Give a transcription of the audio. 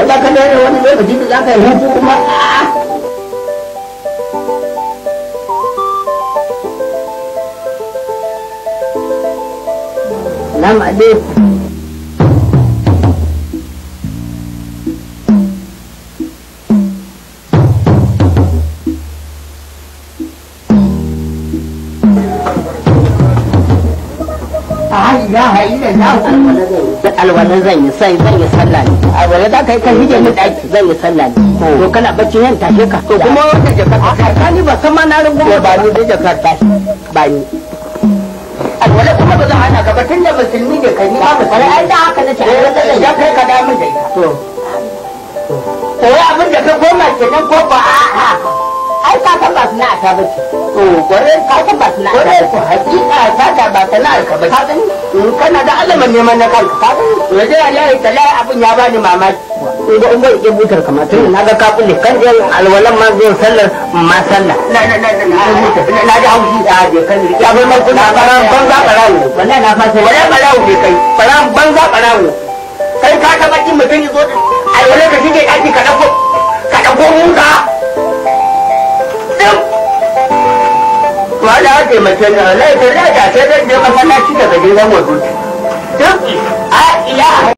ko za ka daina wani lokaci da za ka yi hutu kuma Nam ya da alwala zan yi sai zan yi sallah ne alwala za ka yi ka hije min daki zan yi sallah ne to kana bacci yan tashe ka to kuma wata jaka ta ka ni ba san ma na rungu ba ba ni da jaka ta ba ni alwala kuma ba zan hana ka ba tun da musulmi da ka ni ba mu sai ai da haka nace alwala zan kai ka da mun dai to to abin da ka goma kenan ko ba a'a ai ka san na sana'a ta to gore ka san na sana'a ta hakika ta ta ba ka na ka gani kana da alaman neman na kanka ka gani to da wallahi tallahi abun ya bani mamaki in ga in ke butar kamar tun na ga ka kulle kan je alwalan ma zai sallar ma sallah na na na na na ji haushi da je kan ya bar man kuna baran banza barawo wallahi na fasa wallahi barawo ne kai baran banza barawo kai ka taba kin mutum ya zo Allah ya taimake ka Allah ya taimake sai zan je masallaci daga gidan wazuci